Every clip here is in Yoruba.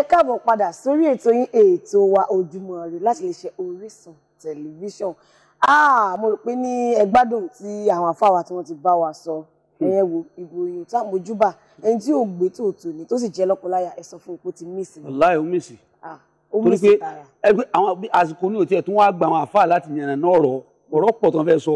ẹ káàbọ̀ padà sórí ètò yín ètò wa ojúmọ́ ire láti lè ṣe Orísun tẹlifíṣọ̀n ah, mo rò pé ní ẹ gbádùn tí àwọn afáwa tí wọ́n ti bá wa sọ ẹ̀yẹ́ wo ìbò ìyún tá mojúbà ẹni tí ò gbé tòótọ́ ni tó sì jẹ́ lọ́kọláya ẹ sọ fún un pé ó ti mísì. láì ó mísì ah, torí pé ẹgbẹ́ àwọn àsìkò ní òtí ẹ̀ tún wáá gba àwọn àfáà láti yànnà náà rọ̀ ọ̀rọ̀ pọ̀ tán fẹ́ sọ.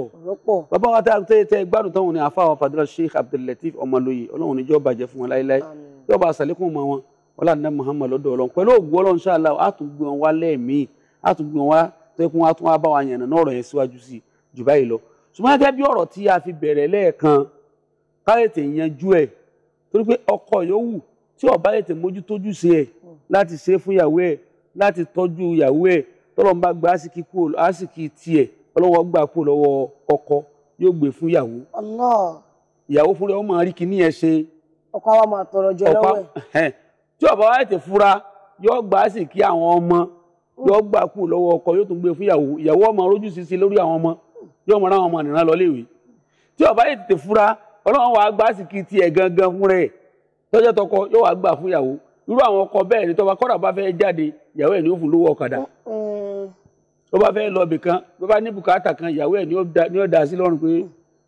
bàbá wa tẹ́ tẹ́ gbádùn táwọn ní àfáà wa Fadila Sheikh Abdul Ọmọlóye Ọlọ́run níjọ́ bàjẹ́ fún wọn láéláé yọba àṣàlékún mọ́ wọn ọlá ní Muhammad lọ́dọ̀ Ọlọ́run pẹ̀lú ògùn Ọlọ́run ṣáàlá àtúngbìn wọn wá lẹ́ẹ̀míì àtúngbìn wọn wá tẹkùn wọn tún wá bá wa yànnà náà ọ̀rọ̀ yẹn síwájú sí jù báyìí lọ ṣùgbọ́n gẹ́gẹ́ bí ọ̀rọ̀ tí a fi bẹ̀rẹ̀ lẹ́ẹ̀kan káyọ̀tì yanjú ẹ̀ torí pé ọkọ yòówù tí ó bá yẹ̀tì mójútójú sí ẹ̀ láti ṣe fún ìyàwó ẹ̀ láti tọ́jú ìyàwó ẹ̀ tọ́lọ́n bá gba àsìkí tiẹ̀ ọlọ́wọ́ gbà kú lọ́wọ́ ọkọ yóò gbé fún ìyàwó. ìyàwó fúnra ó máa rí kinní yẹn ṣe. ọkọ tí ọ̀bá wa tètè fura yóò gbà á sì kí àwọn ọmọ yóò gbà kú lọ́wọ́ ọkọ yóò tún gbé e fún ìyàwó ìyàwó ọmọ rojú sísí lórí àwọn ọmọ yóò mọ ráwọn ọmọ nìran lọ léwe tí ọ̀bá yìí tètè fura ọlọ́run wàá gbà á sì kí tiẹ̀ gangan fún rẹ̀ tọ́jọ́ tọkọ yóò wàá gbà fún ìyàwó irú àwọn ọkọ bẹ́ẹ̀ ni tọ́ba kọ́dà bá fẹ́ jáde ìyàwó ẹ̀ ní ó fún lówó ọ̀kadà tó bá fẹ́ lọ ibìkan tó bá ní bùkátà kan ìyàwó ẹ̀ ní ó da sí lọ́rùn pé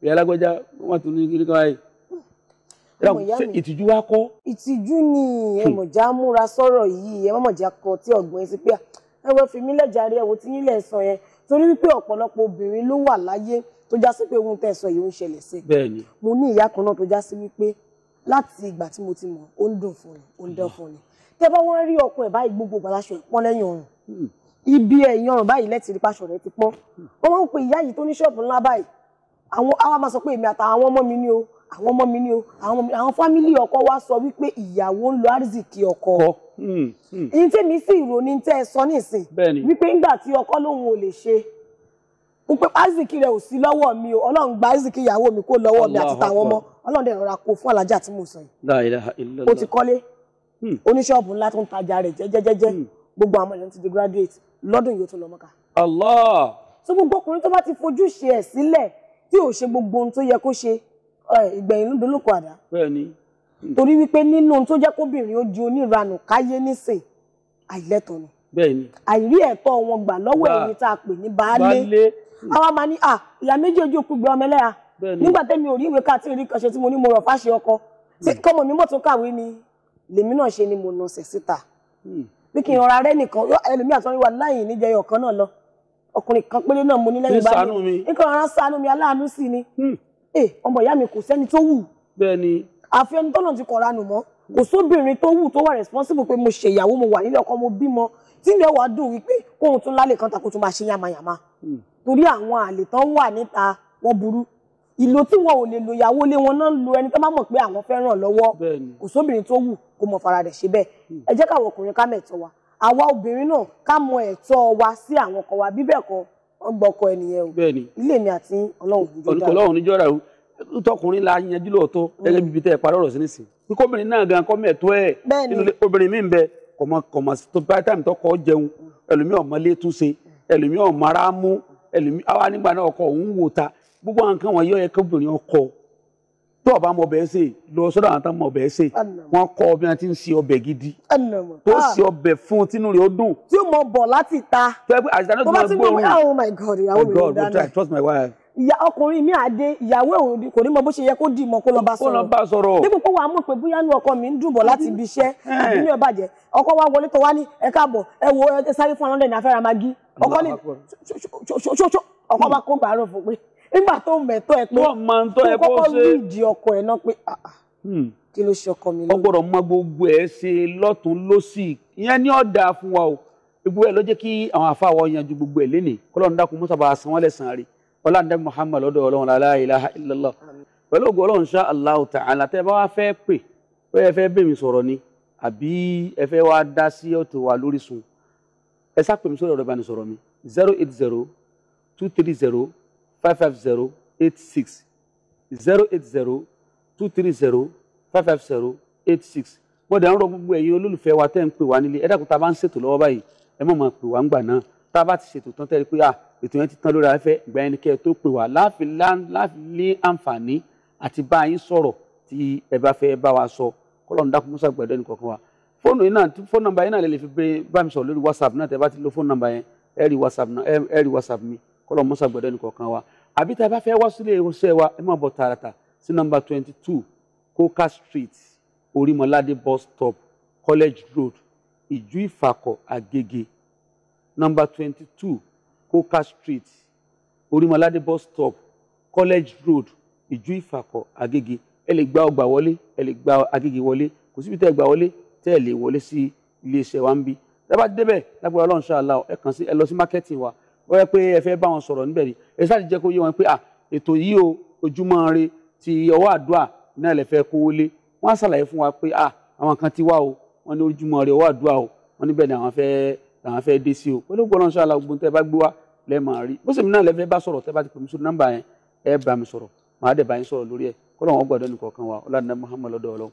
ìyá wọ́n tún ní kíní kan ìtìjú wa kọ́. ìtìjú ni ẹmọ̀já hmm. múra sọ̀rọ̀ yìí ẹmọ̀já kọ tí ọ̀gbìn ẹ sí pé ẹ wọ́n fi mí lẹ́jàre ẹ̀wò tí nílẹ̀ sọ yẹn torí wípé ọ̀pọ̀lọpọ̀ obìnrin ló wà láyé tó já sí pé ohun tẹ̀ sọ yìí ń ṣẹlẹ̀ sí. bẹ́ẹ̀ni. mo ní ìyá kan náà tó já sí wípé láti ìgbà tí mo ti mọ̀ ó ń dùn fún mi ó ń dán fún mi tẹ bá wọn rí ọkùnrin báyìí gbogbo gbàlaṣọ ìpọ́n lẹ́yìn ọrùn hmm. ibi ẹ̀yìn ọrùn báyìí lẹ́tì rí pàṣọ rẹ̀ ti pọ́n hmm. wọ́n máa ń pe ìyá yìí tó ní ṣọ́ọ̀bù ńlá báyìí àwọn àwa máa sọ pé èmi àtàwọn ọmọ mi ni o àwọn ọmọ mi ni o àwọn fámílì ọkọ wa sọ wípé ìyàwó ń lo arzikì ọkọ ìyìn hmm, hmm. tèmi sì rò ní tẹ́ ẹ sọ nísìn wípé ńgbà tí ọkọ lòun ò lè ṣe n pé arzikì rẹ ò sí lọ́wọ́ mi o Ọlọ́run gba arzikì ìyàwó mi kó lọ́wọ́ mi àti tàwọn ọmọ Ọlọ́run dẹ̀ rọra kó fún alájà tí mo sọ yìí o ti kọ́lé hmm. oníṣọ́ọ̀bù ńlá tó ń tajà rẹ̀ jẹ́jẹ́jẹ́jẹ́ gbogbo àwọn ènìyàn ti di graduate lọ́dún yìí tún lọ mọ́ka. Allah. so gbogbo ọkùnrin tó bá ti fojú ṣe ẹ̀ sílẹ̀ tí ò ṣe gbogbo ohun tó yẹ kó ṣe ìgbẹ̀yìn ló dolóko àdá. bẹ́ẹ̀ni. torí wípé nínú ohun tó jẹ́ kóbìnrin ó di oníranù káyé nísìn àìlẹ́tọ̀ ni. bẹ́ẹ̀ni. àìrí ẹ̀tọ́ wọn gbà lọ́wọ́ ẹ̀yin tá a pè ní baálé. baálé. àwa máa ní ìyá méjì ojú òkú gbé ọmọ ẹlẹ́yà. bẹ́ẹ̀ni. nígbà tẹ́mi ò rí ìwé káàtì rí kan ṣe tí mo ní mo rọ̀ fáṣe ọkọ. Hmm. kọ́mọ mi mọ̀ tó kàwé ni lèmi náà ṣe ni mo nà ọ̀sẹ̀ síta. Hmm. bí kì í rọra rẹ́ nìkan ẹlòmíà tó ń wà láyìn níjẹyọ kan náà lọ ọkùnrin ẹ eh, ọmọ ìyá mi kò sẹ́ni tó wù. bẹ́ẹ̀ni. àfi ẹni tọ́nà ti kọ̀ra nù mọ́ kò sóbìnrin tó wù tó wà responsible pé mo ṣe ìyàwó mo wà nílé ọkọ mo bímọ tí ilẹ̀ wàá dùn wípé kóhun tún lálẹ́ kan tàkó tún máa ṣe yàmàyàmà. Hmm. torí àwọn àlè tán wà níta wọn burú ìlò tí wọn ò lè lo ìyàwó lé wọn náà lo ẹni tó bá mọ̀ pé àwọn fẹ́ràn lọ́wọ́ kò sóbìnrin tó wù kó mọ̀ fara rẹ̀ ṣe bẹ́ẹ̀ hmm. ẹ jẹ́ káwọn ọkùnrin ká mẹ̀tọ́ wa àwa obìnrin náà ká mọ ẹ̀tọ́ wa sí àwọn ọkọ wa bíbẹ̀ kan ọgbọkọ ẹnìyẹn o bẹ́ẹ̀ni ilé mi àti Ọlọ́run kò jọ dáa Ọlọ́run níjọ o tọkùnrin la yanjú lóòótọ́ mm. gẹ́gẹ́ bíbi tẹ ẹ parí ọ̀rọ̀ sí nísìn bí kóbìnrin náà gan kọ́ mẹ́ẹ̀tọ́ ẹ̀ nínú obìnrin mi ń bẹ kọ̀mọ kọ̀mọ tó bá táìmù tọkọ jẹun ẹlòmíọ̀ mọ́lé túnṣe ẹlòmíọ̀ mara mú ẹlòmíọ̀ àwa nígbà náà ọkọ òun wò ta gbogbo àwọn nǹkan wọ̀nyí ó yẹ kóbìnrin ọkọ tó o bá mọ ọbẹ̀ ṣe lọ sọ́dọ̀ àwọn tó mọ ọbẹ̀ ṣe wọ́n kọ́ ọbẹ̀ àti ń ṣe ọbẹ̀ gidi tó ah. ṣe ọbẹ̀ fún un tínú rẹ̀ ó dùn. tí o mọ bọ̀ láti ta tó bá ti mọ oh my god ìyàwó oh mi ò dáná trust my wife. ìyá ọkùnrin mi àdé ìyàwó ẹ kò ní mọ bó ṣe yẹ kó dì mọ kó lọ bá sọ̀rọ̀ dípò pé wàá mọ̀ pé bóyá inú ọkọ mi ń dùn láti ibi iṣẹ́ eh. àbí mi ò bàjẹ́ ọkọ wa wọlé tó wá ní ẹ káàbọ̀ ẹ wo ẹ sáré fún ọlọ́dẹ ní afẹ́ra magi ọkọ ní ọkọ bá kó bàárọ̀ fún pé nígbà tó mẹ̀tọ́ ẹ pé tó kọ́kọ́ lùdì ọkọ ẹ náà pé ah, ah, hmm. kí ló ṣe ọkọ mi lónìí. ọgbọ́dọ̀ mọ gbogbo ẹ̀ ṣe lọ́tún lọ́sì ìyẹn ní ọ̀dà fún wa o gbogbo ẹ̀ ló jẹ́ kí àwọn àfáà yanjú gbogbo ẹ̀ lénìí kọ́lọ́run dákun musa bá a san muhammed lọ́dọ̀ ọlọ́run la ilaha illallah ògùn ọlọ́run ṣá allah ta'ala tẹ́ bá wá fẹ́ pè ó yẹ fẹ́ bèmí sọ̀rọ̀ ni àbí ẹ fẹ́ wá dá sí ọ̀tọ̀ wa lórí sun ẹ sá pèmí sọ̀rọ̀ ẹ̀rọ ìbánisọ̀rọ̀ mi zero eight zero two three zero 55086 080 230 55086 mo dẹ̀ ń rọ gbogbo ẹ̀yin olólùfẹ́ wa tẹ́ ń pè wá nílé ẹ dákun tá a bá ń ṣètò lọ́wọ́ báyìí ẹ mọ̀ mọ̀ pè wá ń gbà náà tá a bá ti ṣètò tán tẹ́lẹ̀ pé à ètò yẹn ti tán lórí afẹ́ ìgbà yẹn ni kẹ́ ẹ tó pè wá láàfin ní àǹfààní àti bá yín sọ̀rọ̀ tí ẹ bá fẹ́ bá wa sọ kọ́lọ́n dákun mọ́sá gbẹ̀dọ́ ẹnì kọ̀ọ̀kan wa fóònù yìí náà fóònù nàmbà whatsapp náà tẹ́ whatsapp mi kọ́lọ̀ mọ́sá gbọ́dọ̀ ní kọ̀ọ̀kan wa àbí tá a bá fẹ́ wá sílé iṣẹ́ wa ẹ máa bọ̀ tààràtà sí nọ́mbà twenty two coca street orímọládé bus stop college road ìjú ìfàkọ̀ àgègè nọ́mbà twenty two coca street orímọládé bus stop college road ìjú ìfàkọ̀ àgègè ẹ lè gba ọgbà wọlé ẹ lè gba àgègè wọlé kò síbi tẹ́ ẹ gbà wọlé tẹ́ ẹ lè wọlé sí iléeṣẹ́ wa ń bí tẹ́ bá lágbára ọlọ́run ṣáà la ẹ kàn sí ẹ lọ sí mákẹ́tì wa bóyá pé ẹ fẹ́ bá wọn sọ̀rọ̀ níbẹ̀ ni ẹ sáà ti jẹ́ kó yé wọn pé à ètò yìí o ojúmọ́ re ti ọwọ́ àdúrà náà lè fẹ́ kówó lé wọ́n á ṣàlàyé fún wa pé à àwọn kan ti wá o wọ́n ní ojúmọ́ re ọwọ́ àdúrà o wọ́n níbẹ̀ ni àwọn fẹ́ àwọn fẹ́ dé sí o pẹ̀lú gbọ́dọ̀ sọ alágbó tẹ́ bá gbé wá lẹ́ máa rí bó sì mí náà lẹ́ fẹ́ bá sọ̀rọ̀ tẹ́ bá ti pè mí sórí nọ́mbà yẹn ẹ bá mi sọ̀rọ̀ màá dẹ̀ bá yín sọ̀rọ̀ lórí ẹ̀ kọ́ Muhammad lọ́dọ̀ ọlọ́run.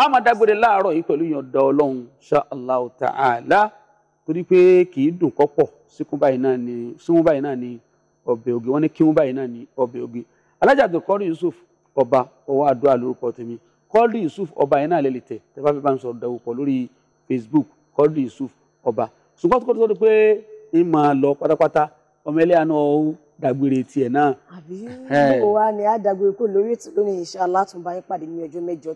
a máa dágbére láàárọ̀ yìí pẹ̀lú yàn dá ọlọ́run ta'ala torí pé kì í dùn kọ́pọ̀ síkún báyìí náà ni síkún báyìí náà ni ọbẹ̀ ògè wọ́n ní kíhún báyìí náà ni ọbẹ̀ ògè Alhaji Abdulkadir Yusuf ọba ọwọ́ àdúrà lórúkọ tèmi Quadri Yusuf ọba yẹn náà lè lè tẹ̀ tẹ́ bá fẹ́ bá ń sọ ọ̀dọ̀ òpọ̀ lórí Facebook Quadri Yusuf ọba ṣùgbọ́n tó kọ́ tó pé ń máa lọ pátápátá ọmọ ẹlẹ́yà náà ó dàgbére tiẹ̀ náà. àbí ni a dàgbére kó lórí inshallah tún bá yín pàdé ní